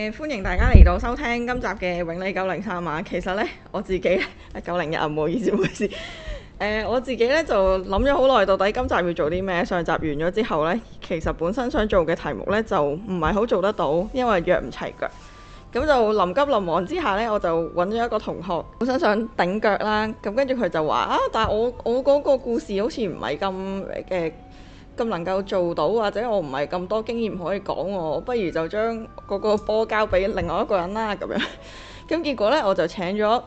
誒，歡迎大家嚟到收聽今集嘅《永利九零三》啊！其實咧，我自己咧係九零一啊，唔好意思，唔好意思。誒，我自己咧就諗咗好耐，到底今集要做啲咩？上集完咗之後咧，其實本身想做嘅題目咧就唔係好做得到，因為約唔齊腳。咁就臨急臨忙之下咧，我就揾咗一個同學，本身想頂腳啦。咁跟住佢就話啊，但係我我嗰個故事好似唔係咁誒。咁能夠做到，或者我唔係咁多經驗可以講，我不如就將嗰個波交俾另外一個人啦咁樣。咁結果呢，我就請咗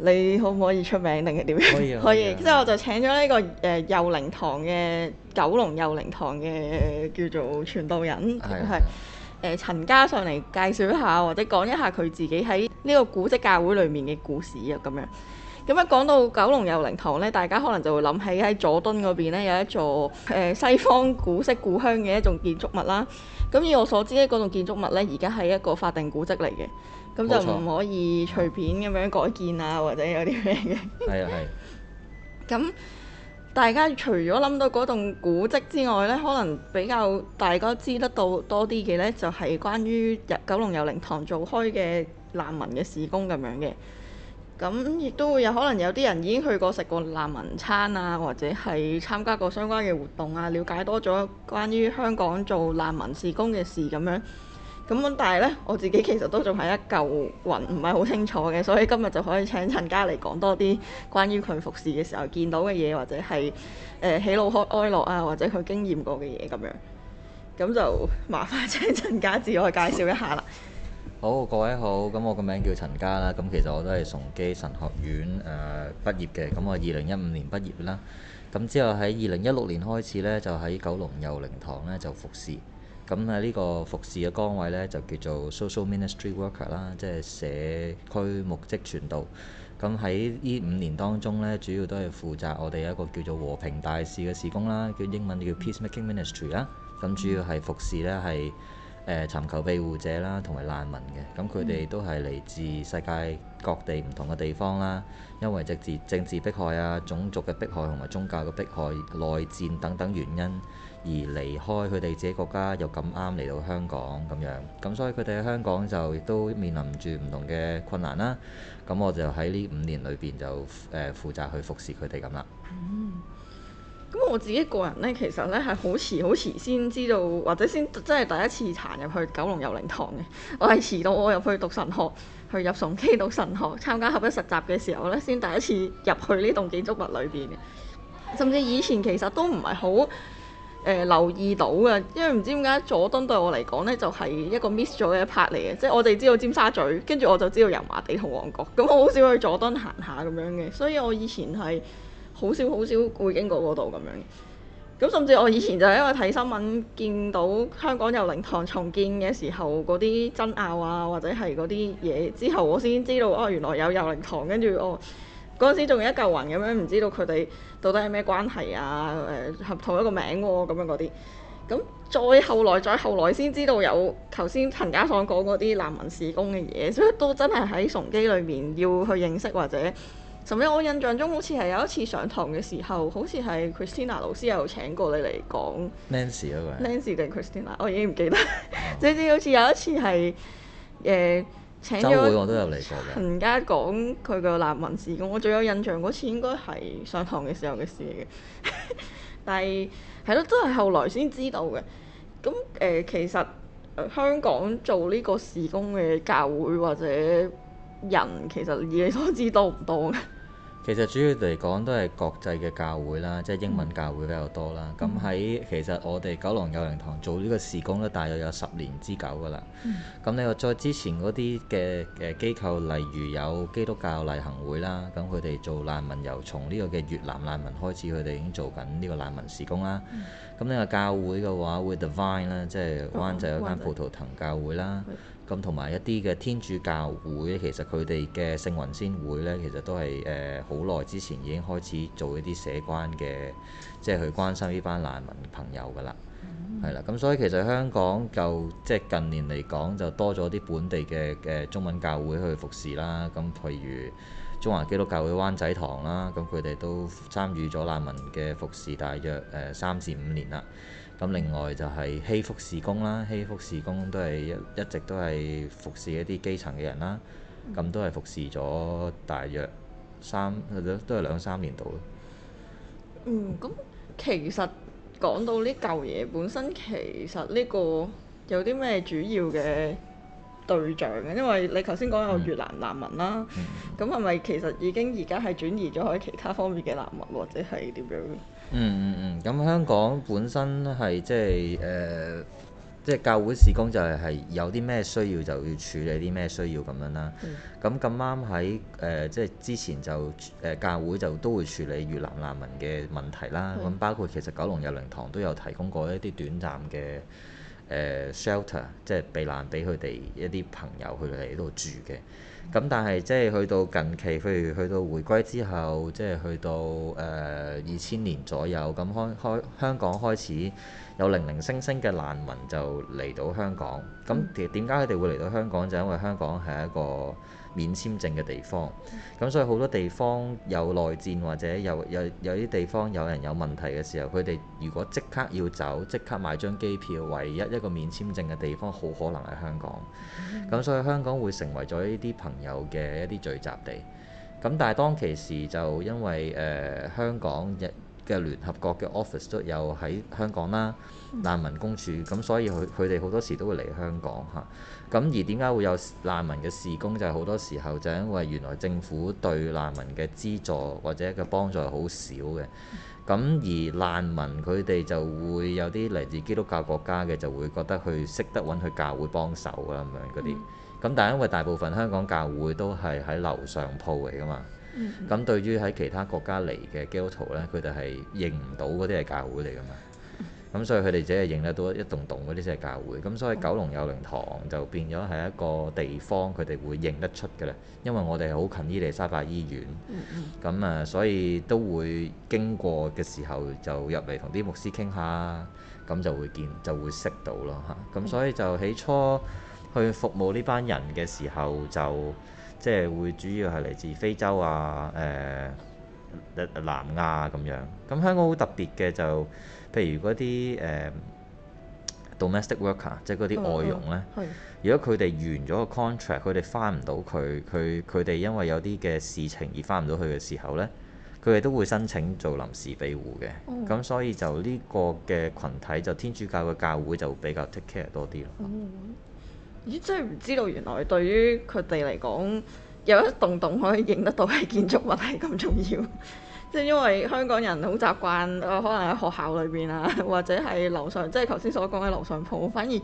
你，可唔可以出名定係點樣？可以， 可以，可以的。之後我就請咗呢、這個誒佑靈堂佑寧堂嘅九龍佑寧堂嘅、呃、叫做傳道人，佢係的、就是呃、陳嘉上嚟介紹一下或者講一下佢自己喺呢個古跡教會裏面嘅故事啊咁樣。咁一講到九龍佑寧堂呢，大家可能就會諗起喺佐敦嗰邊咧有一座誒、呃、西方古色古香嘅一種建築物啦。咁以我所知咧，嗰棟建築物呢而家係一個法定古蹟嚟嘅，咁就唔可以隨便咁樣改建啊，錯或者有啲咩嘅。係啊係。咁大家除咗諗到嗰棟古蹟之外呢，可能比較大家知得到多啲嘅呢，就係、是、關於九龍佑寧堂做開嘅難民嘅事工咁樣嘅。咁亦都會有可能有啲人已經去過食過難民餐啊，或者係參加過相關嘅活動啊，了解多咗關於香港做難民事工嘅事咁樣。咁但係呢，我自己其實都仲係一嚿雲，唔係好清楚嘅，所以今日就可以請陳嘉嚟講多啲關於佢服侍嘅時候見到嘅嘢，或者係誒、呃、喜怒哀開樂啊，或者佢經驗過嘅嘢咁樣。咁就麻煩請陳嘉自我介紹一下啦。好，各位好。咁我個名叫陳嘉啦。咁其實我都係崇基神學院誒、呃、畢業嘅。咁我二零一五年畢業啦。咁之後喺二零一六年開始呢，就喺九龍佑寧堂呢就服侍。咁喺呢個服侍嘅崗位呢，就叫做 social ministry worker 啦，即係社區牧職傳道。咁喺呢五年當中呢，主要都係負責我哋一個叫做和平大事嘅事工啦，叫英文叫 peace making ministry 啦。咁主要係服侍呢係。誒尋求庇護者啦，同埋難民嘅，咁佢哋都係嚟自世界各地唔同嘅地方啦。因為政治政治迫害啊、種族嘅迫害同埋宗教嘅迫害、內戰等等原因而離開佢哋自己國家，又咁啱嚟到香港咁樣。咁所以佢哋喺香港就亦都面臨住唔同嘅困難啦。咁我就喺呢五年裏面就誒、呃、負責去服侍佢哋咁啦。嗯咁我自己個人呢，其實呢係好遲好遲先知道，或者先即係第一次行入去九龍遊靈堂嘅。 我係遲到，我入去讀神學，去入崇基讀神學，參加合一實習嘅時候呢，先第一次入去呢棟建築物裏邊嘅。甚至以前其實都唔係好留意到嘅，因為唔知點解佐敦對我嚟講呢，就係一個 miss 咗嘅一 part 嚟嘅。即係我哋知道尖沙咀，跟住我就知道油麻地同旺角，咁我好少去佐敦行下咁樣嘅。所以我以前係，好少好少會經過嗰度咁樣，咁甚至我以前就係因為睇新聞見到香港佑寧堂重建嘅時候嗰啲爭拗啊，或者係嗰啲嘢之後，我先知道哦，原來有佑寧堂，跟住哦嗰陣時仲有一嚿雲咁樣，唔知道佢哋到底係咩關係啊？誒、呃，合同一個名喎咁、啊、樣嗰啲，咁再後來再後來先知道有頭先陳嘉爽講嗰啲難民事工嘅嘢，所以都真係喺崇基裏面要去認識或者。咁樣，我印象中好似係有一次上堂嘅時候，好似係 Christina 老師有請過你嚟講 Nancy okay? Nancy 定 Christina，我已經唔記得。正正、oh. 好似有一次係誒、呃、請咗。週會我都有嚟過嘅。陳嘉講佢個難民事工，我最有印象嗰次應該係上堂嘅時候嘅事嚟嘅， 但係係咯，都係後來先知道嘅。咁誒、呃，其實、呃、香港做呢個事工嘅教會或者人，其實你都知道多唔多嘅？其實主要嚟講都係國際嘅教會啦，即係英文教會比較多啦。咁喺、嗯、其實我哋九龍佑寧堂做個事呢個事工咧，大約有十年之久噶啦。咁、嗯、你個再之前嗰啲嘅誒機構，例如有基督教勵行會啦，咁佢哋做難民由從呢個嘅越南難民開始，佢哋已經做緊呢個難民事工啦。咁呢、嗯、個教會嘅話會 Divine 啦，即係灣仔有間葡萄藤教會啦。哦咁同埋一啲嘅天主教會，其實佢哋嘅聖雲先會呢，其實都係誒好耐之前已經開始做一啲社關嘅，即係去關心呢班難民朋友噶啦，係啦、嗯。咁所以其實香港就即係近年嚟講，就多咗啲本地嘅誒、呃、中文教會去服侍啦。咁譬如中華基督教會灣仔堂啦，咁佢哋都參與咗難民嘅服侍，大約誒三至五年啦。咁另外就係禧福事工啦，禧福事工都係一一直都係服侍一啲基層嘅人啦，咁、嗯、都係服侍咗大約三都係兩三年度咯。嗯，咁其實講到呢嚿嘢本身，其實呢個有啲咩主要嘅對象嘅？因為你頭先講有越南難民啦，咁係咪其實已經而家係轉移咗喺其他方面嘅難民，或者係點樣？嗯嗯嗯，咁香港本身係即係誒，即、嗯、係、嗯嗯嗯嗯、教會事工就係係有啲咩需要就要處理啲咩需要咁樣啦。咁咁啱喺誒，即、呃、係之前就誒教會就都會處理越南難民嘅問題啦。咁、嗯、包括其實九龍佑寧堂都有提供過一啲短暫嘅誒、呃、shelter，即係避難俾佢哋一啲朋友去嚟呢度住嘅。咁但係即係去到近期，譬如去到回歸之後，即係去到呃二千年左右，咁開開香港開始。有零零星星嘅難民就嚟到香港，咁點解佢哋會嚟到香港？就因為香港係一個免簽證嘅地方，咁所以好多地方有內戰或者有有有啲地方有人有問題嘅時候，佢哋如果即刻要走，即刻買張機票，唯一一個免簽證嘅地方，好可能係香港。咁所以香港會成為咗呢啲朋友嘅一啲聚集地。咁但係當其時就因為誒、呃、香港嘅聯合國嘅 office 都有喺香港啦，嗯、難民公署，咁所以佢佢哋好多時都會嚟香港嚇。咁、啊、而點解會有難民嘅事工？就係、是、好多時候就係因為原來政府對難民嘅資助或者嘅幫助好少嘅。咁、嗯、而難民佢哋就會有啲嚟自基督教國家嘅，就會覺得佢識得揾佢教會幫手啦咁樣啲。咁、嗯、但係因為大部分香港教會都係喺樓上鋪嚟㗎嘛。咁、嗯、對於喺其他國家嚟嘅基督徒咧，佢哋係認唔到嗰啲係教會嚟噶嘛，咁、嗯、所以佢哋只係認得到一棟棟嗰啲先係教會。咁所以九龍佑寧堂就變咗係一個地方，佢哋會認得出噶啦。因為我哋係好近伊利沙伯醫院，咁、嗯、啊，所以都會經過嘅時候就入嚟同啲牧師傾下，咁就會見就會識到咯嚇。咁所以就起初去服務呢班人嘅時候就。即係會主要係嚟自非洲啊、誒、呃、南亞啊咁樣。咁香港好特別嘅就，譬如嗰啲誒、呃、domestic worker，即係嗰啲外傭呢。嗯嗯、如果佢哋完咗個 contract，佢哋翻唔到去，佢佢哋因為有啲嘅事情而翻唔到去嘅時候呢，佢哋都會申請做臨時庇護嘅。嗯。咁所以就呢個嘅群體就天主教嘅教會就會比較 take care 多啲咯。嗯咦！真係唔知道，原來對於佢哋嚟講，有一棟棟可以影得到嘅建築物係咁重要。即 係因為香港人好習慣，誒、呃、可能喺學校裏邊啊，或者係樓上，即係頭先所講嘅樓上鋪，反而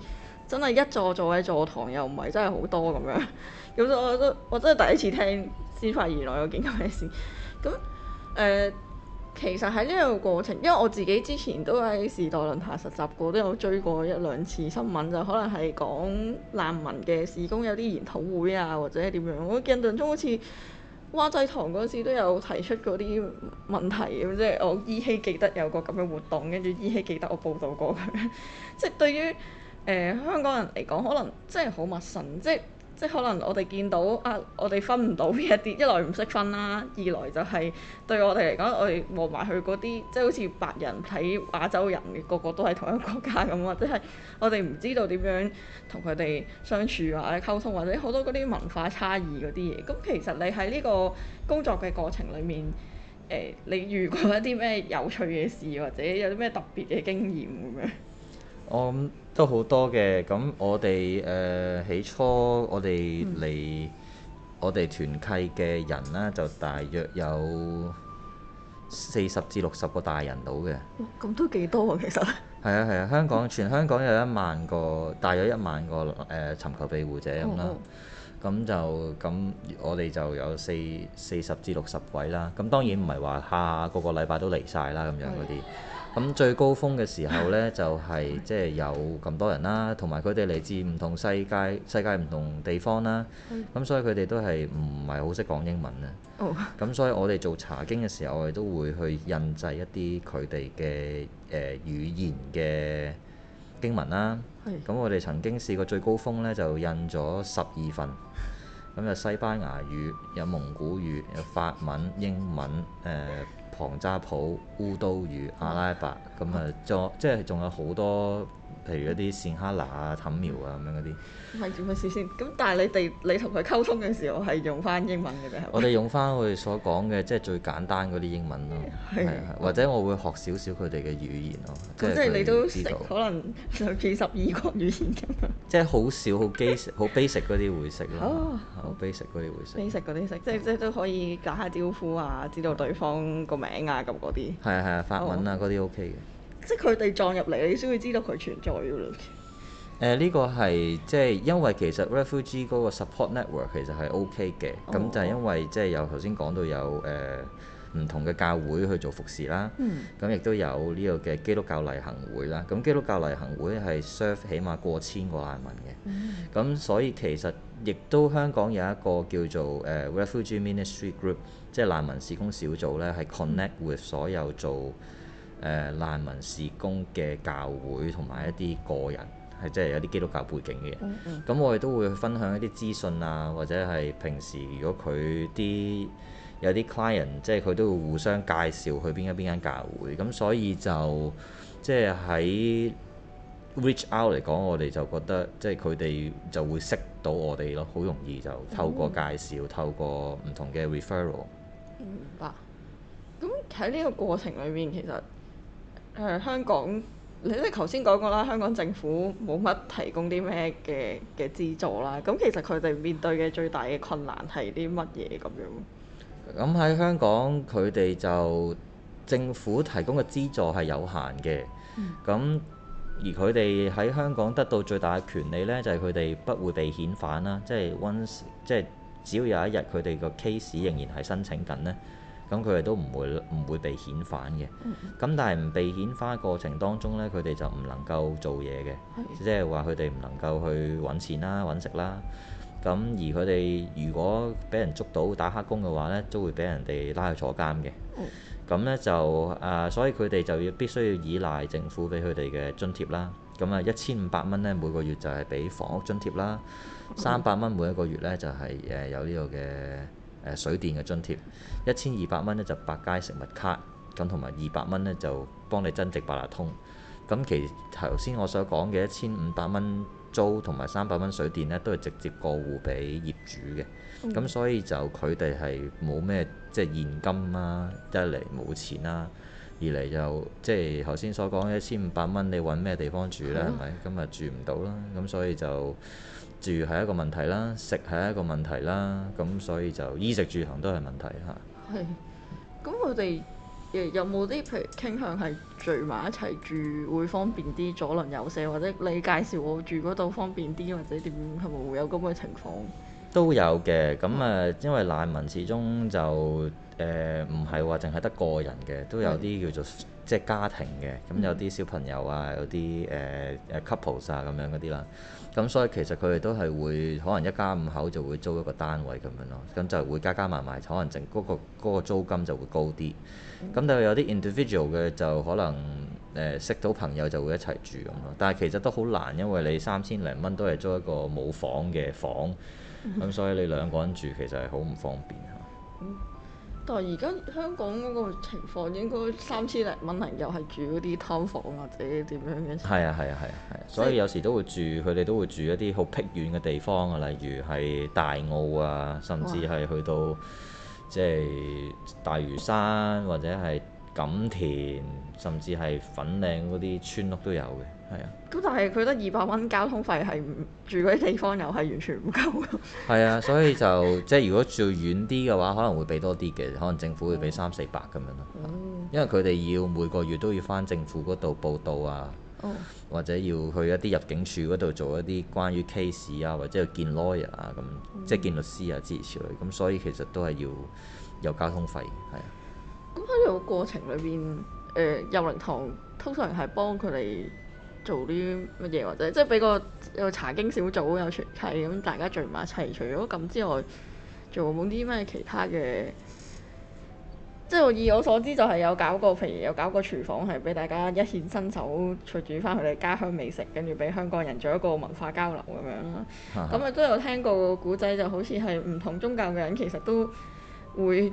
真係一座座嘅座堂又唔係真係好多咁樣。咁、 嗯、我都我真係第一次聽，先發現原來有件咁嘅事。咁誒。呃其實喺呢個過程，因為我自己之前都喺時代論壇實習過，都有追過一兩次新聞，就可能係講難民嘅事工，有啲研討會啊，或者點樣。我印象中好似灣仔堂嗰陣時都有提出嗰啲問題咁，即係我依稀記得有個咁嘅活動，跟住依稀記得我報道過佢。 即係對於誒、呃、香港人嚟講，可能真係好陌生，即係。即係可能我哋見到啊，我哋分唔到一啲，一來唔識分啦、啊，二來就係對我哋嚟講，我哋望埋去嗰啲，即係好似白人睇亞洲人嘅，個個都係同一個國家咁，或者係我哋唔知道點樣同佢哋相處啊、溝通、啊，或者好多嗰啲文化差異嗰啲嘢。咁其實你喺呢個工作嘅過程裡面，誒、呃，你遇過一啲咩有趣嘅事，或者有啲咩特別嘅經驗咁樣？我、嗯都好多嘅，咁我哋誒、呃、起初我哋嚟、嗯、我哋團契嘅人啦、啊，就大約有四十至六十個大人到嘅。咁都幾多喎，其實。係啊係啊，香港、嗯、全香港有一萬個大約一萬個誒、呃、尋求庇護者咁啦，咁、哦哦、就咁我哋就有四四十至六十位啦。咁當然唔係話下個個禮拜都嚟晒啦，咁樣嗰啲。咁最高峰嘅時候呢，就係即係有咁多人啦、啊，同埋佢哋嚟自唔同世界、世界唔同地方啦、啊。咁、mm. 所以佢哋都係唔係好識講英文啊。咁、oh. 所以我哋做查經嘅時候，我哋都會去印製一啲佢哋嘅誒語言嘅經文啦、啊。咁、mm. 我哋曾經試過最高峰呢就印咗十二份。咁有西班牙語，有蒙古語，有法文、英文，誒、呃。旁遮普、烏都語、阿拉伯咁啊，仲即係仲有好多，譬如嗰啲線哈拿啊、坦苗啊咁樣嗰啲。唔係做事先？咁但係你哋你同佢溝通嘅時候係用翻英文嘅啫，係咪？我哋用翻我哋所講嘅，即係最簡單嗰啲英文咯。係、啊，的或者我會學少少佢哋嘅語言咯。咁即係你都識可能有幾十二個語言㗎嘛？即係好少好 basic 好 basic 嗰啲會識咯。好 basic 嗰啲會識。basic 嗰啲識，即係即係都可以打下招呼啊，知道對方個名 名啊咁嗰啲，係啊係啊，法文啊嗰啲，oh. OK 嘅、呃這個，即係佢哋撞入嚟，你先會知道佢存在噶啦。誒呢個係即係因為其實 Refugee 嗰個 support network 其實係 OK 嘅，咁就係因為、oh. 即係由頭先講到有誒。呃唔同嘅教會去做服侍啦，咁亦、嗯、都有呢個嘅基督教勵行會啦。咁基督教勵行會係 serve 起碼過千個難民嘅，咁、嗯、所以其實亦都香港有一個叫做誒、uh, Refugee Ministry Group，即係難民事工小組咧，係、嗯、connect with 所有做誒、uh, 難民事工嘅教會同埋一啲個人，係即係有啲基督教背景嘅人。咁、嗯嗯、我哋都會分享一啲資訊啊，或者係平時如果佢啲有啲 client 即係佢都會互相介紹去邊間邊間教會，咁所以就即係喺 reach out 嚟講，我哋就覺得即係佢哋就會識到我哋咯，好容易就透過介紹，嗯、透過唔同嘅 referral。明白、嗯。咁喺呢個過程裏面，其實誒、呃、香港，你即係頭先講過啦，香港政府冇乜提供啲咩嘅嘅資助啦。咁其實佢哋面對嘅最大嘅困難係啲乜嘢咁樣？咁喺香港，佢哋就政府提供嘅資助係有限嘅。咁、嗯、而佢哋喺香港得到最大嘅權利呢，就係佢哋不會被遣返啦。即係即係只要有一日佢哋個 case 仍然係申請緊呢，咁佢哋都唔會唔會被遣返嘅。咁、嗯、但係唔被遣返過程當中呢，佢哋就唔能夠做嘢嘅，嗯、即係話佢哋唔能夠去揾錢啦、揾食啦。咁而佢哋如果俾人捉到打黑工嘅話呢，都會俾人哋拉去坐監嘅。咁、嗯、呢就啊、呃，所以佢哋就要必須要依賴政府俾佢哋嘅津貼啦。咁啊，一千五百蚊呢，每個月就係俾房屋津貼啦，三百蚊每一個月呢，就係、是、誒有呢度嘅水電嘅津貼，一千二百蚊呢，就百佳食物卡，咁同埋二百蚊呢，就幫你增值八達通。咁其頭先我所講嘅一千五百蚊，租同埋三百蚊水電咧，都係直接過戶俾業主嘅。咁、嗯、所以就佢哋係冇咩即係現金啦、啊，一嚟冇錢啦、啊，二嚟又，即係頭先所講一千五百蚊，你揾咩地方住呢？係咪、啊、今日住唔到啦？咁所以就住係一個問題啦，食係一個問題啦。咁所以就衣食住行都係問題吓、啊？係，咁佢哋。有冇啲譬如傾向係聚埋一齊住會方便啲，左鄰右舍，或者你介紹我住嗰度方便啲，或者點？係咪會有咁嘅情況？都有嘅咁啊，因為難民始終就誒唔係話淨係得個人嘅，都有啲叫做即係家庭嘅咁，有啲小朋友啊，有啲誒誒 couple 啊咁樣嗰啲啦。咁所以其實佢哋都係會可能一家五口就會租一個單位咁樣咯，咁就會加加埋埋可能淨嗰個嗰個租金就會高啲。咁但係有啲 individual 嘅就可能誒識到朋友就會一齊住咁咯。但係其實都好難，因為你三千零蚊都係租一個冇房嘅房。咁 所以你兩個人住其實係好唔方便、嗯、但係而家香港嗰個情況應該三千零蚊嚟又係住嗰啲劏房或者點樣嘅。係 啊係啊係啊係、啊啊、所以有時都會住佢哋都會住一啲好僻遠嘅地方啊，例如係大澳啊，甚至係去到即係、就是、大嶼山或者係錦田，甚至係粉嶺嗰啲村屋都有嘅。係啊，咁但係佢得二百蚊交通費係住嗰啲地方又係完全唔夠㗎。係啊，所以就即係 如果住遠啲嘅話，可能會俾多啲嘅。可能政府會俾三四百咁樣咯。嗯、因為佢哋要每個月都要返政府嗰度報到啊，哦、或者要去一啲入境處嗰度做一啲關於 case 啊，或者要見 lawyer 啊咁，嗯、即係見律師啊之類之類。咁所以其實都係要有交通費係啊。咁喺個過程裏邊，誒佑寧堂通常係幫佢哋，做啲乜嘢或者，即係俾個有查經小組有團契咁，大家聚埋一齊。除咗咁之外，仲冇啲咩其他嘅？即係以我所知就係有搞過，譬如有搞過廚房係俾大家一顯身手，除煮返佢哋家鄉美食，跟住俾香港人做一個文化交流咁樣啦。咁啊都有聽過古仔，就好似係唔同宗教嘅人其實都會。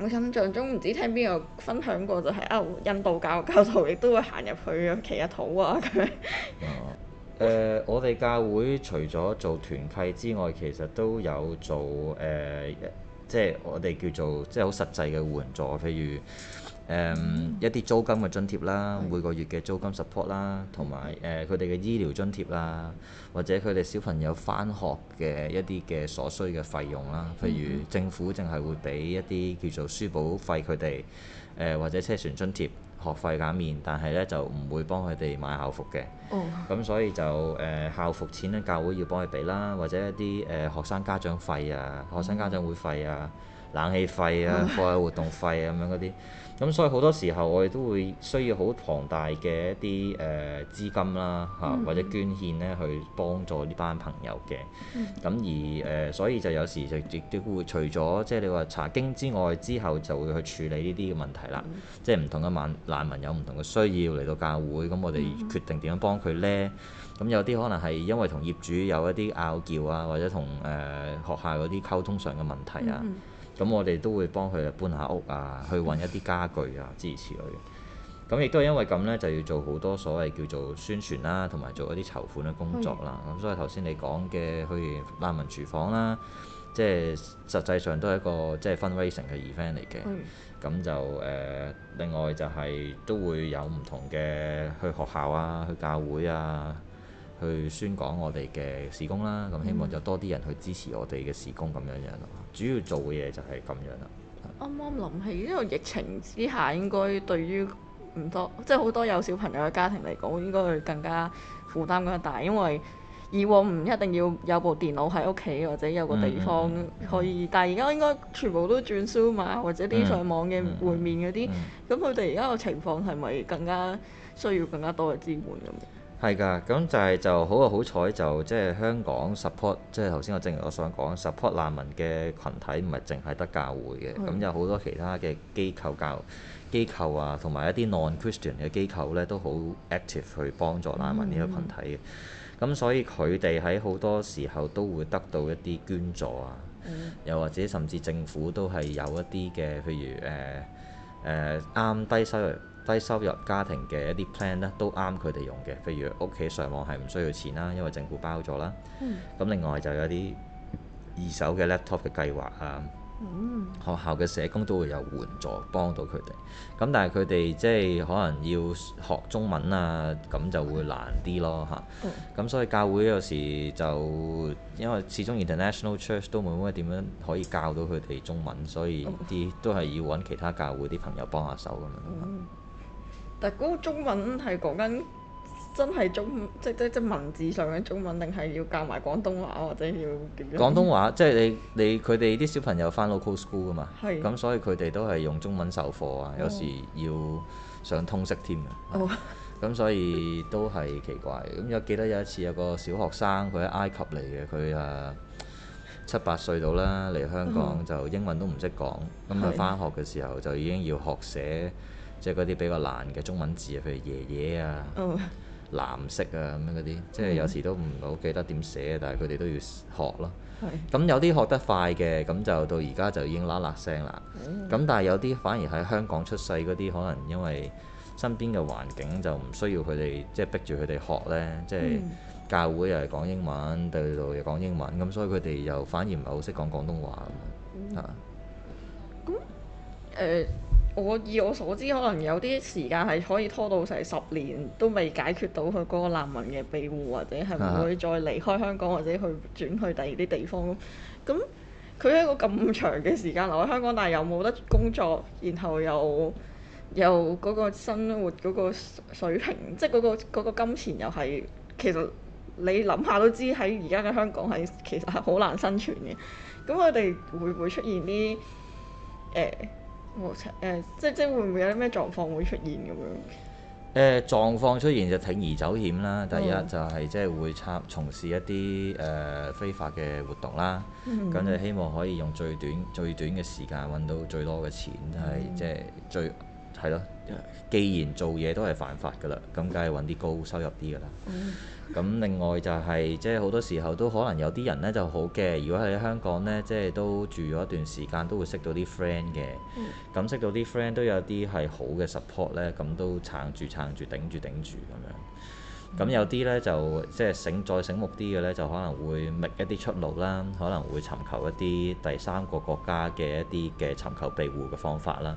我印象中唔知聽邊個分享過就係、是、啊、哦，印度教教徒亦都會行入去一啊，企喺度啊咁樣。我哋教會除咗做團契之外，其實都有做誒、呃，即係我哋叫做即係好實際嘅援助，譬如。誒、um, 嗯、一啲租金嘅津貼啦，的每個月嘅租金 support 啦，同埋誒佢哋嘅醫療津貼啦，或者佢哋小朋友返學嘅一啲嘅所需嘅費用啦，譬如政府淨係會俾一啲叫做書簿費佢哋，誒、呃、或者車船津貼學費減免，但係咧就唔會幫佢哋買校服嘅。咁、哦、所以就誒、呃、校服錢咧，教會要幫佢俾啦，或者一啲誒、呃、學生家長費啊，學生家長會費啊。嗯冷氣費啊，課外 活動費啊，咁樣嗰啲咁，所以好多時候我哋都會需要好龐大嘅一啲誒、呃、資金啦，嚇、嗯、或者捐獻咧，去幫助呢班朋友嘅。咁、嗯、而誒、呃，所以就有時就亦除咗即係你話查經之外，之後就會去處理呢啲嘅問題啦。嗯、即係唔同嘅難難民有唔同嘅需要嚟到教會，咁我哋決定點樣幫佢呢？咁、嗯、有啲可能係因為同業主有一啲拗撬啊，或者同誒、呃、學校嗰啲溝通上嘅問題啊。嗯咁我哋都會幫佢搬下屋啊，去揾一啲家具啊，支持佢。咁亦都係因為咁呢，就要做好多所謂叫做宣傳啦，同埋做一啲籌款嘅工作啦。咁的所以頭先你講嘅去難民廚房啦，即係實際上都係一個即係 fundraising 嘅 event 嚟嘅。咁的就誒、呃，另外就係都會有唔同嘅去學校啊，去教會啊，去宣講我哋嘅事工啦。咁希望有多啲人去支持我哋嘅事工咁樣樣咯。嗯主要做嘅嘢就係咁樣啦。啱啱諗起，呢個疫情之下，應該對於唔多，即係好多有小朋友嘅家庭嚟講應該會更加負擔更大，因為以往唔一定要有部電腦喺屋企，或者有個地方可以，mm hmm. 但係而家應該全部都轉數碼或者啲上網嘅會面嗰啲，咁佢哋而家個情況係咪更加需要更加多嘅支援咁？係噶，咁就係就好好彩，就即係香港 support，即係頭先我正如我想講，support 難民嘅群體唔係淨係得教會嘅，咁的有好多其他嘅機構教機構啊，同埋一啲 non-Christian 嘅機構咧都好 active 去幫助難民呢個群體嘅，咁的所以佢哋喺好多時候都會得到一啲捐助啊，的又或者甚至政府都係有一啲嘅，譬如誒誒啱低收入。低收入家庭嘅一啲 plan 咧都啱佢哋用嘅，譬如屋企上網，係唔需要錢啦，因為政府包咗啦。咁、嗯、另外就有啲二手嘅 laptop 嘅計劃啊，嗯、學校嘅社工都會有援助幫到佢哋。咁但係佢哋即係可能要學中文啊，咁就會難啲咯吓，咁、嗯、所以教會有時就因為始終 international church 都冇乜點樣可以教到佢哋中文，所以啲、嗯、都係要揾其他教會啲朋友幫下手咁樣。嗯嗯但嗰個中文係講緊真係中即即即文字上嘅中文，定係要教埋廣東話或者要點樣？廣東話即係你你佢哋啲小朋友翻 local school 噶嘛，咁是所以佢哋都係用中文授課啊，哦、有時要上通識添啊。咁、哦、所以都係奇怪。咁有記得有一次有一個小學生佢喺埃及嚟嘅，佢啊七八歲到啦嚟香港、嗯、就英文都唔識講，咁佢翻學嘅時候就已經要學寫。即係嗰啲比較難嘅中文字啊，譬如爺爺啊、oh. 藍色啊咁樣嗰啲，即係有時都唔係好記得點寫，mm. 但係佢哋都要學咯。咁是有啲學得快嘅，咁就到而家就已經喇喇聲啦。咁、mm. 但係有啲反而喺香港出世嗰啲，可能因為身邊嘅環境就唔需要佢哋，即係逼住佢哋學呢。Mm. 即係教會又係講英文，對路又講英文，咁所以佢哋又反而唔係好識講廣東話咁誒？我以我所知，可能有啲時間係可以拖到成十年都未解決到佢嗰個難民嘅庇護，或者係唔會再離開香港，或者去轉去第二啲地方。咁佢喺個咁長嘅時間留喺香港，但係又冇得工作，然後又又嗰個生活嗰個水平，即係嗰個金錢又係其實，你諗下都知喺而家嘅香港係其實係好難生存嘅。咁佢哋會唔會出現啲誒？欸誒、哦呃，即即會唔會有啲咩狀況會出現咁樣？誒、呃，狀況出現就鋌而走險啦。嗯、第一就係即係會插從事一啲誒、呃、非法嘅活動啦。咁、嗯、就希望可以用最短最短嘅時間揾到最多嘅錢，係即係最。係咯，既然做嘢都係犯法㗎啦，咁梗係揾啲高收入啲㗎啦。咁 另外就係、是、即係好多時候都可能有啲人呢就好嘅，如果喺香港呢，即係都住咗一段時間，都會識到啲 friend 嘅。咁 識到啲 friend 都有啲係好嘅 support 呢，咁都撐住撐住，頂住頂住咁樣。咁、嗯、有啲咧就即係醒再醒目啲嘅咧，就可能會覓一啲出路啦，可能會尋求一啲第三個國家嘅一啲嘅尋求庇護嘅方法啦。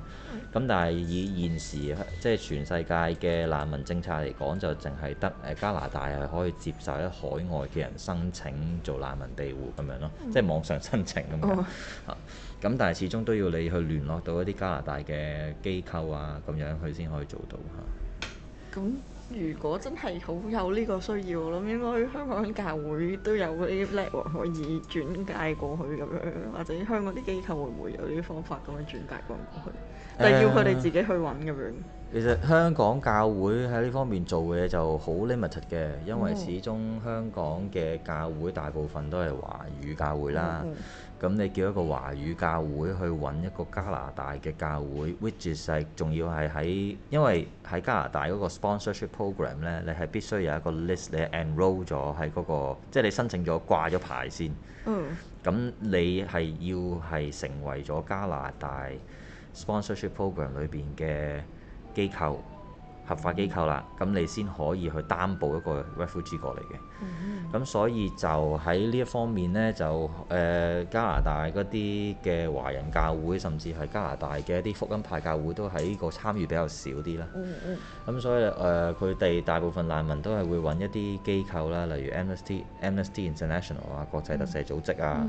咁、嗯、但係以現時即係全世界嘅難民政策嚟講，就淨係得誒加拿大係可以接受喺海外嘅人申請做難民庇護咁樣咯，嗯、即係網上申請咁樣。咁、哦啊、但係始終都要你去聯絡到一啲加拿大嘅機構啊，咁樣佢先可以做到嚇。咁、啊嗯如果真係好有呢個需要，我諗咁應該香港教會都有呢啲叻喎，可以轉介過去咁樣，或者香港啲機構會唔會有呢啲方法咁樣轉介過去？但係要佢哋自己去揾咁、呃、樣。其實香港教會喺呢方面做嘅嘢就好 limit 嘅，因為始終香港嘅教會大部分都係華語教會啦。嗯嗯。咁你叫一個華語教會去揾一個加拿大嘅教會，which is 係仲要係喺，因為喺加拿大嗰個 sponsorship program 呢，你係必須有一個 list，你 enroll 咗喺嗰個，即係你申請咗掛咗牌先。嗯。咁你係要係成為咗加拿大 sponsorship program 裏邊嘅機構。合法機構啦，咁你先可以去擔保一個 refugee 過嚟嘅。咁所以就喺呢一方面呢，就誒、呃、加拿大嗰啲嘅華人教會，甚至係加拿大嘅一啲福音派教會，都喺呢個參與比較少啲啦。咁所以誒，佢、呃、哋大部分難民都係會揾一啲機構啦，例如 Amnesty、Amnesty International 啊，國際特赦組織啊。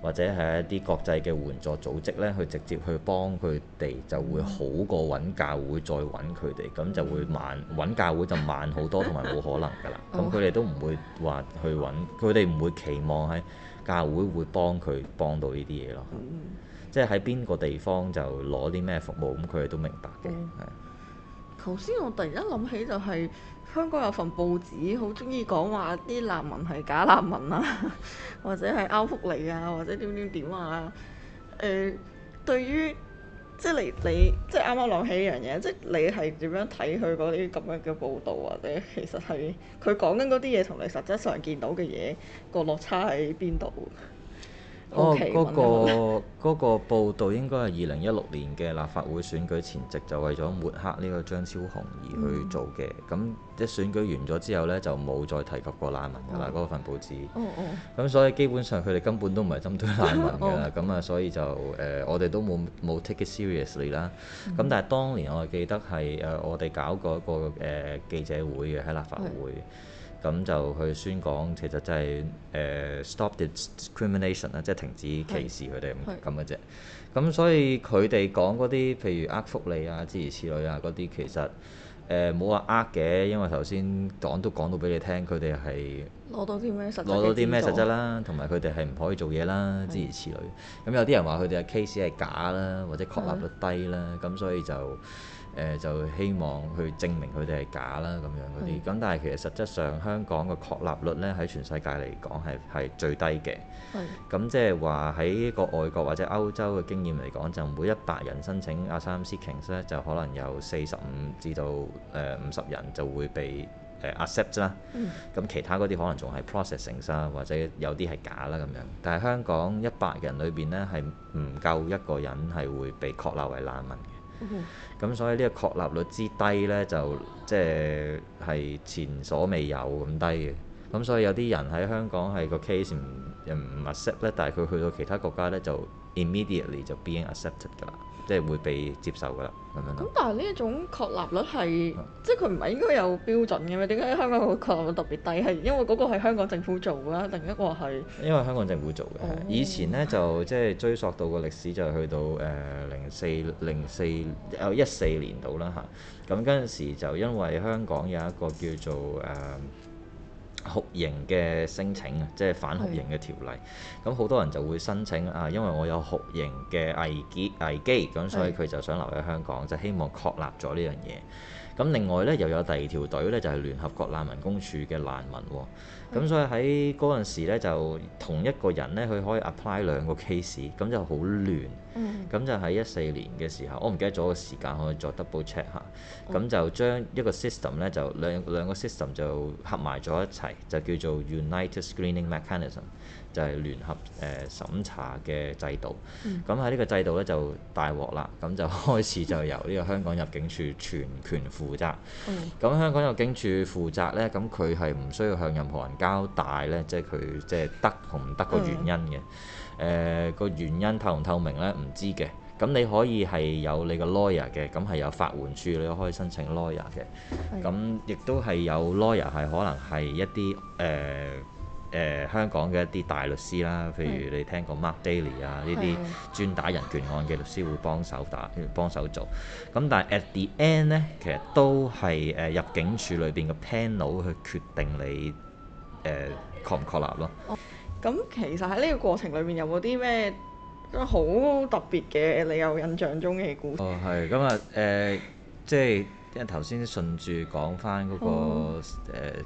或者係一啲國際嘅援助組織呢，去直接去幫佢哋，就會好過揾教會再揾佢哋，咁就會慢揾教會就慢好多，同埋冇可能噶啦。咁佢哋都唔會話去揾，佢哋唔會期望喺教會會幫佢幫到呢啲嘢咯。 即係喺邊個地方就攞啲咩服務，咁佢哋都明白嘅。係、嗯。頭先是我突然間諗起就係、是。香港有份報紙好中意講話啲難民係假難民啊，或者係歐福利啊，或者點點點啊。誒，對於即係你你即係啱啱諗起一樣嘢，即係你係點樣睇佢嗰啲咁樣嘅報導，或者其實係佢講緊嗰啲嘢同你實質上見到嘅嘢個落差喺邊度？哦，嗰 Okay,、那個嗰報道應該係二零一六年嘅立法會選舉前夕就為咗抹黑呢個張超雄而去做嘅。咁即、嗯、選舉完咗之後呢，就冇再提及過難民㗎啦。嗰、嗯、份報紙。咁、嗯、所以基本上佢哋根本都唔係針對難民㗎啦。咁啊、嗯，所以就誒、呃，我哋都冇冇 take it seriously 啦。咁、嗯、但係當年我記得係誒、呃，我哋搞過一個誒、呃、記者會嘅喺立法會。嗯咁就去宣講，其實就係、是、誒、uh, stop discrimination 啦，即係停止歧視佢哋咁嘅啫。咁所以佢哋講嗰啲，譬如呃福利啊諸如此類啊嗰啲，其實誒冇話呃嘅，因為頭先講都講到俾你聽，佢哋係攞到啲咩？攞到啲咩實質，到實質啦，同埋佢哋係唔可以做嘢啦，的諸如此類。咁有啲人話佢哋嘅 case 係假啦，或者確立率低啦，咁的所以就。誒、呃、就希望去證明佢哋係假啦，咁樣嗰啲。咁的但係其實實質上香港個確立率咧，喺全世界嚟講係係最低嘅。係的。咁即係話喺個外國或者歐洲嘅經驗嚟講，就每一百人申請 asylum seekers 咧，就可能有四十五至到誒五十人就會被誒 accept 啦。嗯。咁其他嗰啲可能仲係 processing 啦，或者有啲係假啦咁樣。但係香港一百人裏邊咧，係唔夠一個人係會被確立為難民。咁、嗯、所以呢個確立率之低呢，就即係、就是、前所未有咁低嘅。咁所以有啲人喺香港係個 case 唔唔密實呢，accept，但係佢去到其他國家呢，就。immediately 就 being accepted 㗎啦，即係會被接受㗎啦，咁樣。咁但係呢一種確立率係，即係佢唔係應該有標準嘅咩？點解香港個確立率特別低？係因為嗰個係香港政府做啦，另一個係因為香港政府做嘅。Oh. 以前呢，就即係追溯到個歷史就去到誒零四零四一四年度啦吓，咁嗰陣時就因為香港有一個叫做誒。呃酷刑嘅申請啊，即係反酷刑嘅條例，咁好是多人就會申請啊，因為我有酷刑嘅危機危機，咁所以佢就想留喺香港，是就希望確立咗呢樣嘢。咁另外咧又有第二條隊咧，就係、是、聯合國難民公署嘅難民喎、哦。咁所以喺嗰陣時咧，就同一個人咧，佢可以 apply 兩個 case，咁就好亂。咁、嗯、就喺一四年嘅時候，我唔記得咗個時間，我可以再 double check 下，咁就將一個 system 咧，就兩兩個 system 就合埋咗一齊，就叫做 United Screening Mechanism。就係聯合誒、呃、審查嘅制度，咁喺呢個制度咧就大鑊啦，咁就開始就由呢個香港入境處全權負責。咁、嗯、香港入境處負責咧，咁佢係唔需要向任何人交代咧，即係佢即係得同唔得個原因嘅。誒個、嗯呃、原因透唔透明咧，唔知嘅。咁你可以係有你嘅 lawyer 嘅，咁係有法援署你可以申請 lawyer 嘅。咁亦都係有 lawyer 係可能係一啲誒。呃誒、呃、香港嘅一啲大律師啦，譬如你聽過 Mark Daly 啊呢啲專打人權案嘅律師會幫手打，幫手做。咁但係 at the end 咧，其實都係誒入境處裏邊嘅 panel 去決定你誒、呃、確唔確立咯。咁、哦、其實喺呢個過程裏面有冇啲咩好特別嘅？你有印象中嘅故事？哦，係咁啊，誒、呃、即係。因為頭先順住講翻嗰個誒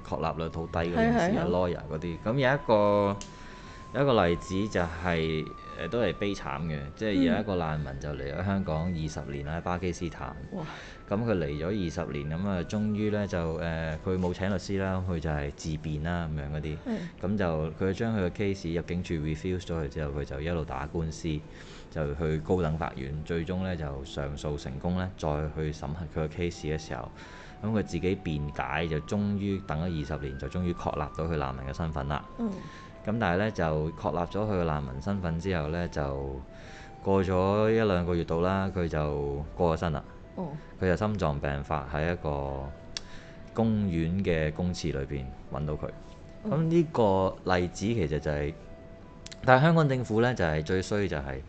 確立率好低嗰陣時，lawyer 嗰啲，咁有一個有一個例子就係、是、誒都係悲慘嘅，嗯、即係有一個難民就嚟咗香港二十年啦，巴基斯坦。咁佢嚟咗二十年，咁啊終於呢，就誒佢冇請律師啦，佢就係自辯啦咁樣嗰啲。咁、嗯、就佢將佢嘅 case 入境處 refuse 咗佢之後，佢就一路打官司，就去高等法院，最終咧就上訴成功咧，再去審核佢個 case 嘅時候，咁佢自己辯解就終於等咗二十年，就終於確立到佢難民嘅身份啦。嗯。咁但係咧就確立咗佢難民身份之後咧，就過咗一兩個月度啦，佢就過咗身啦。哦。佢就心臟病發，喺一個公園嘅公廁裏邊揾到佢。咁呢個例子其實就係，嗯，但係香港政府咧就係最衰就係。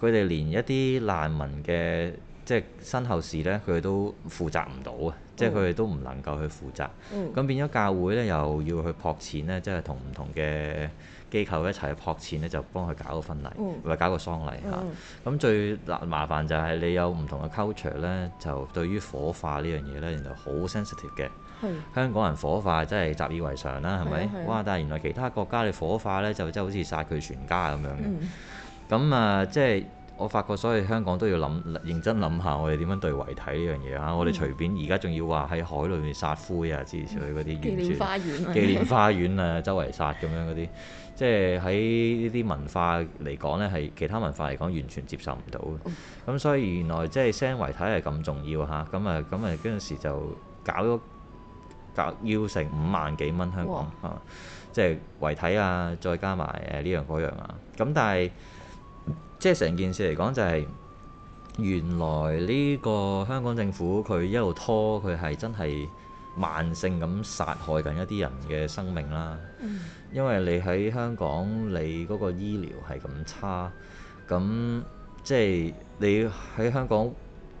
佢哋連一啲難民嘅即係身後事呢，佢哋都負責唔到啊！嗯、即係佢哋都唔能夠去負責。咁、嗯、變咗教會呢，又要去撲錢呢，即、就、係、是、同唔同嘅機構一齊去撲錢呢，就幫佢搞個婚禮，嗯、或搞個喪禮嚇。咁、嗯嗯啊、最麻煩就係你有唔同嘅 culture 呢，就對於火化呢樣嘢呢，原來好 sensitive 嘅、嗯。香港人火化真係習以為常啦，係咪？哇、嗯！但係原來其他國家你火化呢，就真係好似殺佢全家咁樣嘅。嗯嗯。咁啊，即係、就是、我發覺，所以香港都要諗，認真諗下，我哋點樣對遺體呢樣嘢啊？嗯、我哋隨便而家仲要話喺海裡面撒灰啊，之類嗰啲紀念花園啊， 紀念花園啊，周圍撒咁樣嗰啲，即係喺呢啲文化嚟講呢，係其他文化嚟講完全接受唔到嘅。咁所以原來即係 send 遺體係咁重要嚇，咁啊咁啊嗰陣時就搞咗搞要成五萬幾蚊香港，即係哇、啊就是、遺體啊，再加埋誒呢樣嗰樣啊，咁但係。即係成件事嚟講，就係原來呢個香港政府佢一路拖，佢係真係慢性咁殺害緊一啲人嘅生命啦。因為你喺香港，你嗰個醫療係咁差，咁即係你喺香港。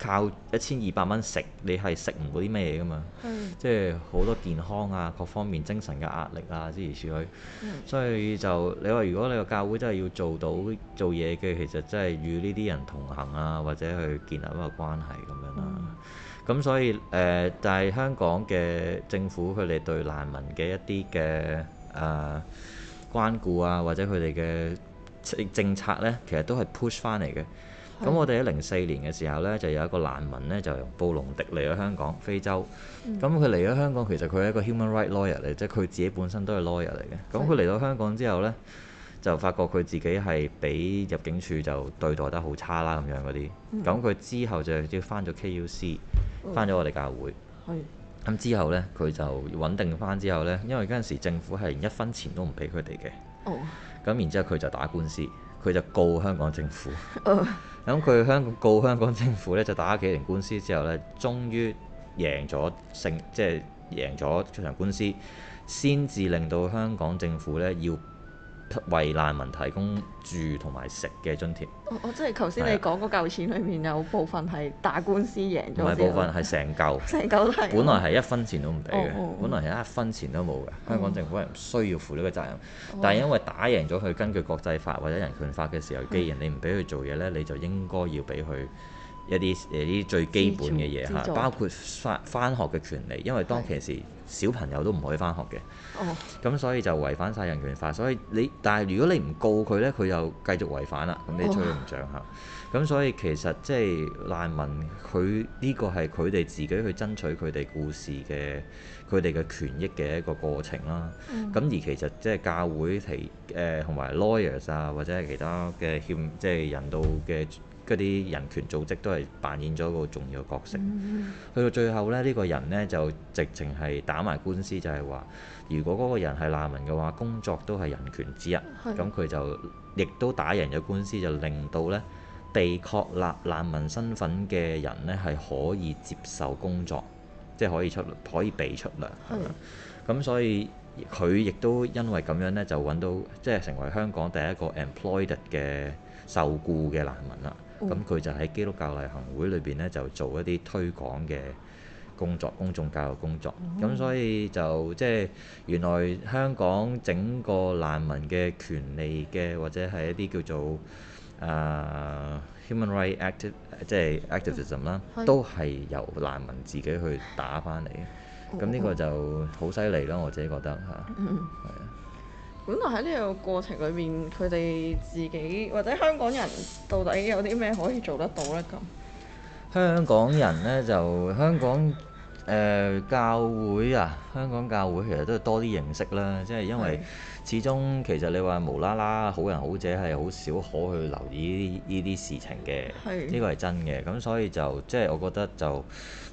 1 靠一千二百蚊食，你係食唔到啲咩嘢㗎嘛？ 即係好多健康啊，各方面精神嘅壓力啊，諸如此類。 所以就你話，如果你個教會真係要做到做嘢嘅，其實真係與呢啲人同行啊，或者去建立一個關係咁樣啦。咁 所以誒，但、呃、係、就是、香港嘅政府佢哋對難民嘅一啲嘅誒關顧啊，或者佢哋嘅政策呢，其實都係 push 翻嚟嘅。咁我哋喺零四年嘅時候呢，就有一個難民呢，就由布隆迪嚟咗香港，非洲。咁佢嚟咗香港，其實佢係一個 human right lawyer 嚟，即係佢自己本身都係 lawyer 嚟嘅。咁佢嚟到香港之後呢，就發覺佢自己係俾入境處就對待得好差啦，咁樣嗰啲。咁佢、嗯、之後就要翻咗 KUC，翻咗我哋教會。係。咁之後呢，佢就穩定翻之後呢，因為嗰陣時政府係一分錢都唔俾佢哋嘅。哦、嗯。咁然之後佢就打官司。佢就告香港政府 嗯，咁佢香港告香港政府咧，就打咗幾年官司之後咧，終於贏咗勝，即係贏咗出場官司，先至令到香港政府咧要。為難民提供住同埋食嘅津貼。我我、哦、即係頭先你講嗰嚿錢裏面，啊、有部分係打官司贏咗。唔係部分係成嚿，成嚿都係。本來係一分錢都唔俾嘅，哦哦、本來係一分錢都冇嘅。哦、香港政府係唔需要負呢個責任，哦、但係因為打贏咗佢根據國際法或者人權法嘅時候，哦、既然你唔俾佢做嘢咧，你就應該要俾佢。一啲誒啲最基本嘅嘢嚇，包括返返學嘅權利，因為當其時小朋友都唔可以返學嘅，咁的所以就違反晒人權法。所以你但係如果你唔告佢呢，佢又繼續違反啦，咁你吹唔脹嚇。咁、哦、所以其實即係難民佢呢個係佢哋自己去爭取佢哋故事嘅佢哋嘅權益嘅一個過程啦。咁、嗯、而其實即係教會提誒同埋 lawyers 啊，或者係其他嘅欠即係人道嘅。嗰啲人權組織都係扮演咗一個重要嘅角色。去、嗯、到最後咧，呢、這個人呢就直情係打埋官司，就係、是、話，如果嗰個人係難民嘅話，工作都係人權之一。咁佢的就亦都打贏咗官司，就令到呢被確立難民身份嘅人呢係可以接受工作，即係可以出可以被出糧。咁的的所以佢亦都因為咁樣呢，就揾到即係、就是、成為香港第一個 employed 嘅受雇嘅難民啦。咁佢就喺基督教勵行會裏邊咧，就做一啲推廣嘅工作、公眾教育工作。咁、哦、所以就即係、就是、原來香港整個難民嘅權利嘅，或者係一啲叫做誒、呃、human right active，即係 activism 啦，哦、都係由難民自己去打翻嚟嘅。咁呢個就好犀利啦，我自己覺得嚇。啊嗯嗯本來喺呢個過程裏面，佢哋自己或者香港人到底有啲咩可以做得到呢？咁香港人呢，就香港誒、呃、教會啊，香港教會其實都係多啲認識啦，即係因為。始終其實你話無啦啦好人好者係好少可去留意呢啲事情嘅，呢是個係真嘅。咁所以就即係我覺得就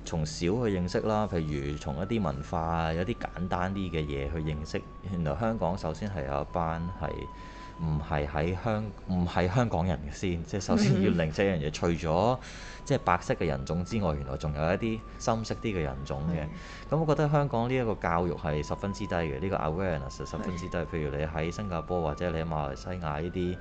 從小去認識啦，譬如從一啲文化啊，有啲簡單啲嘅嘢去認識。原來香港首先係有一班係。唔係喺香唔係香港人先，即係首先要令這樣嘢除咗即係白色嘅人種之外，原來仲有一啲深色啲嘅人種嘅。咁是的 我覺得香港呢一個教育係十分之低嘅，呢個 awareness 十分之低。是的 譬如你喺新加坡或者你喺馬來西亞呢啲。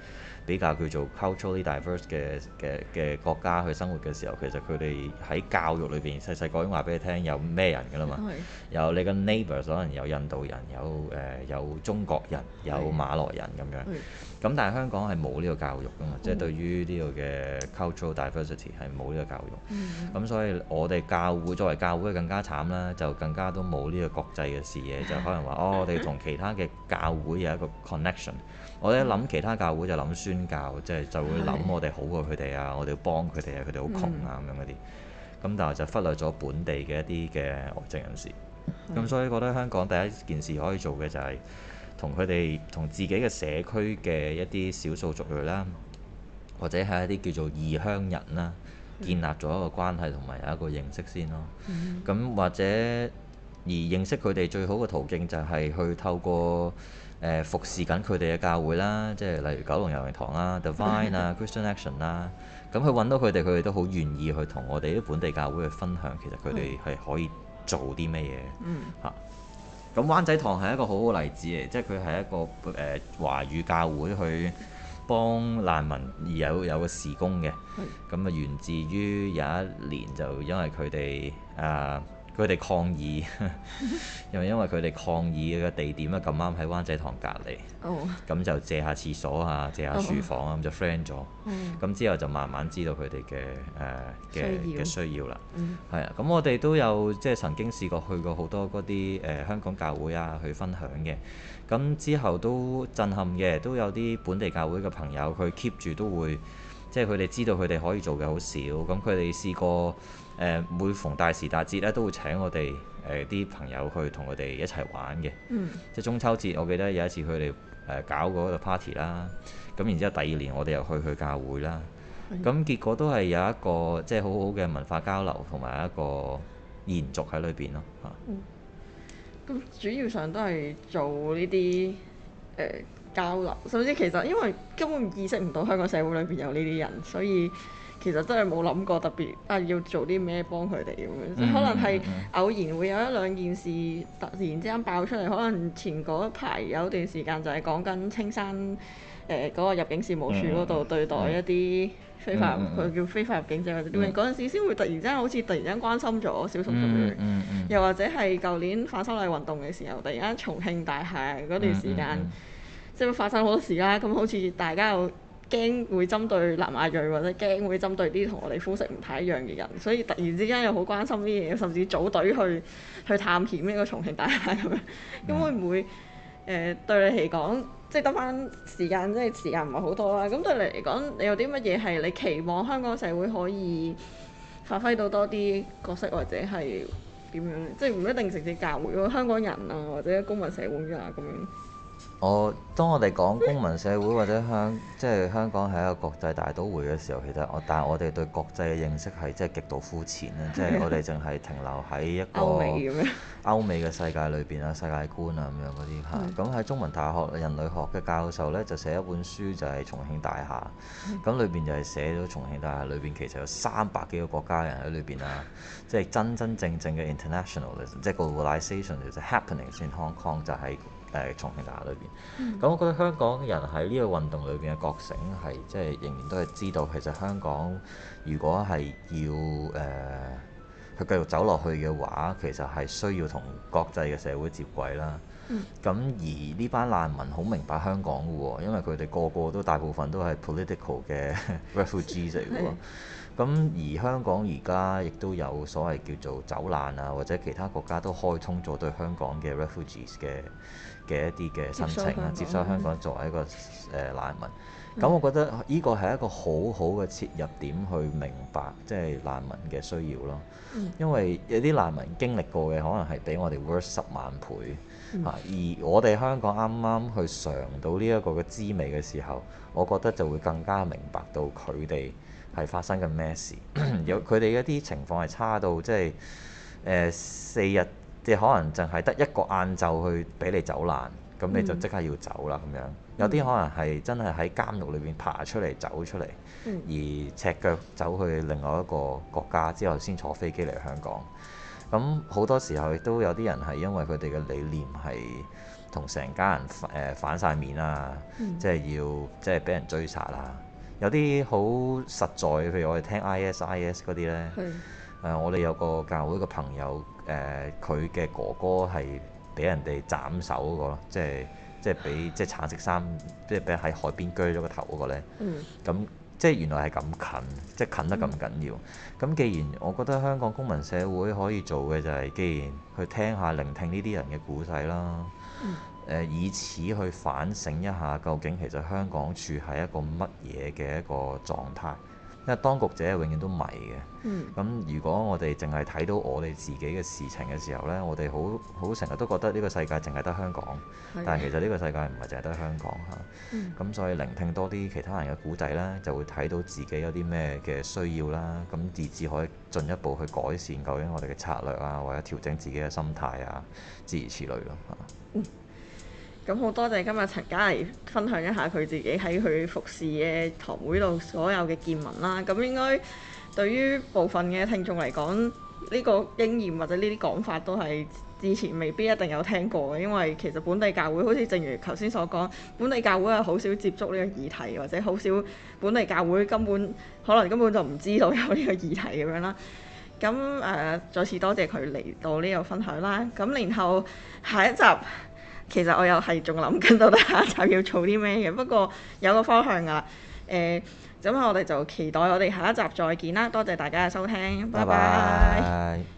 比較叫做 culturally diverse 嘅嘅嘅國家去生活嘅時候，其實佢哋喺教育裏邊細細個已經話俾你聽有咩人㗎啦嘛。 有你嘅 neighbours 可能有印度人，有誒、呃、有中國人，有馬來人咁樣。咁 但係香港係冇呢個教育㗎嘛，即係 對於呢個嘅 cultural diversity 係冇呢個教育。咁 所以我哋教會作為教會更加慘啦，就更加都冇呢個國際嘅視野，就是、可能話哦，我哋同其他嘅教會有一個 connection。我一諗其他教會就諗宣教，即、就、係、是、就會諗我哋好過佢哋啊，的我哋要幫佢哋啊，佢哋好窮啊咁、嗯、樣嗰啲，咁但係就忽略咗本地嘅一啲嘅外籍人士，咁、嗯、所以覺得香港第一件事可以做嘅就係同佢哋同自己嘅社區嘅一啲少數族裔啦，或者係一啲叫做異鄉人啦，建立咗一個關係同埋有一個認識先咯。咁、嗯、或者而認識佢哋最好嘅途徑就係去透過。呃、服侍緊佢哋嘅教會啦，即係例如九龍遊泳堂啦、Divine 啊、Christian Action 啦，咁佢揾到佢哋，佢哋都好願意去同我哋啲本地教會去分享，其實佢哋係可以做啲咩嘢。嗯。咁、啊、灣仔堂係一個好好例子，即係佢係一個誒、呃、華語教會去幫難民有有個事工嘅。咁啊、嗯，源自於有一年就因為佢哋啊。呃佢哋抗議，又 因為佢哋抗議嘅地點咧，咁啱喺灣仔堂隔離，咁、oh. 就借下廁所啊，借下書房啊，咁、oh. 就 friend 咗。咁、oh. 之後就慢慢知道佢哋嘅誒嘅嘅需要啦。係啊，咁、嗯、我哋都有即係、就是、曾經試過去過好多嗰啲誒香港教會啊去分享嘅。咁之後都震撼嘅，都有啲本地教會嘅朋友佢 keep 住都會，即係佢哋知道佢哋可以做嘅好少。咁佢哋試過。每逢大時大節咧，都會請我哋誒啲朋友去同佢哋一齊玩嘅。嗯、即係中秋節，我記得有一次佢哋誒搞嗰個 party 啦。咁然之後第二年我哋又去佢教會啦。咁的結果都係有一個即係好好嘅文化交流同埋一個延續喺裏邊咯。嚇、啊，嗯、主要上都係做呢啲、呃、交流。甚至其實因為根本意識唔到香港社會裏邊有呢啲人，所以。其實真係冇諗過特別啊，要做啲咩幫佢哋咁樣。即可能係偶然會有一兩件事突然之間爆出嚟，可能前嗰一排有一段時間就係講緊青山誒嗰、呃嗰個入境事務處嗰度對待一啲非法佢 叫非法入境者嗰啲嗰陣時，先會突然之間好似突然間關心咗小松鼠， 又或者係舊年反修例運動嘅時候，突然間重慶大廈嗰段時間 即係發生好多事啦，咁好似大家又～驚會針對南亞裔或者驚會針對啲同我哋膚色唔太一樣嘅人，所以突然之間又好關心啲嘢，甚至組隊去去探險呢個重慶大廈咁 樣會會。咁會唔會誒對你嚟講，即係得返時間，即係時間唔係好多啦。咁對你嚟講，你有啲乜嘢係你期望香港社會可以發揮到多啲角色，或者係點樣？即係唔一定直接教會香港人啊，或者公民社會啊咁樣。我當我哋講公民社會或者香，即係香港係一個國際大都會嘅時候，其實我，但係我哋對國際嘅認識係即係極度膚淺啊！即係 我哋淨係停留喺一個歐美嘅歐美嘅世界裏邊啊，世界觀啊咁樣嗰啲嚇。咁喺 中文大學人類學嘅教授呢，就寫一本書就係、是《 就重慶大廈》。咁裏邊就係寫咗重慶大廈裏邊其實有三百幾個國家人喺裏邊啊！即係真真正正嘅 internationalism， 即係 globalisation，即 happening in Hong Kong 就喺。呃、重慶大廈裏邊，咁、嗯、我覺得香港人喺呢個運動裏邊嘅覺醒係，即、就、係、是、仍然都係知道其實香港如果係要誒，佢、呃、繼續走落去嘅話，其實係需要同國際嘅社會接軌啦。咁、嗯、而呢班難民好明白香港嘅喎、哦，因為佢哋個個都大部分都係 political 嘅 refugees 嚟喎。咁是而香港而家亦都有所謂叫做走難啊，或者其他國家都開通咗對香港嘅 refugees 嘅嘅一啲嘅申請啦，接收香，香港作為一個誒難民，咁、嗯、我覺得呢個係一個好好嘅切入點去明白即係難民嘅需要咯。嗯、因為有啲難民經歷過嘅可能係比我哋 worse 十萬倍嚇、嗯啊，而我哋香港啱啱去嘗到呢一個嘅滋味嘅時候，我覺得就會更加明白到佢哋係發生緊咩事。有佢哋一啲情況係差到即係誒四日。即係可能淨係得一個晏晝去俾你走難，咁、嗯、你就即刻要走啦咁樣。有啲可能係真係喺監獄裏邊爬出嚟走出嚟，嗯、而赤腳走去另外一個國家之後先坐飛機嚟香港。咁好多時候亦都有啲人係因為佢哋嘅理念係同成家人誒反晒、呃、面啊，即係、嗯、要即係俾人追殺啊。有啲好實在，譬如我哋聽 IS、ISIS 嗰啲呢。誒、呃，我哋有個教會嘅朋友，誒、呃，佢嘅哥哥係俾人哋斬手嗰個咯，即係即係俾即係橙色衫，即係俾喺海邊鋸咗個頭嗰個咧。嗯。咁即係原來係咁近，即係近得咁緊要。咁、嗯、既然我覺得香港公民社會可以做嘅就係、是，既然去聽下聆聽呢啲人嘅故事啦、呃。以此去反省一下，究竟其實香港處喺一個乜嘢嘅一個狀態？因為當局者永遠都迷嘅，咁、嗯、如果我哋淨係睇到我哋自己嘅事情嘅時候呢，我哋好好成日都覺得呢個世界淨係得香港，的但係其實呢個世界唔係淨係得香港嚇。咁、啊嗯、所以聆聽多啲其他人嘅故仔咧，就會睇到自己有啲咩嘅需要啦。咁、啊、以至可以進一步去改善究竟我哋嘅策略啊，或者調整自己嘅心態啊，諸如此類咯、啊嗯咁好多謝今日陳嘉怡分享一下佢自己喺佢服侍嘅堂會度所有嘅見聞啦。咁應該對於部分嘅聽眾嚟講，呢、呢個經驗或者呢啲講法都係之前未必一定有聽過嘅。因為其實本地教會好似正如頭先所講，本地教會係好少接觸呢個議題，或者好少本地教會根本可能根本就唔知道有呢個議題咁樣啦。咁誒、呃，再次多謝佢嚟到呢度分享啦。咁然後下一集。其實我又係仲諗緊到底下一集要做啲咩嘅，不過有個方向㗎啦。咁、呃、我哋就期待我哋下一集再見啦！多謝大家嘅收聽，拜拜 bye。Bye bye。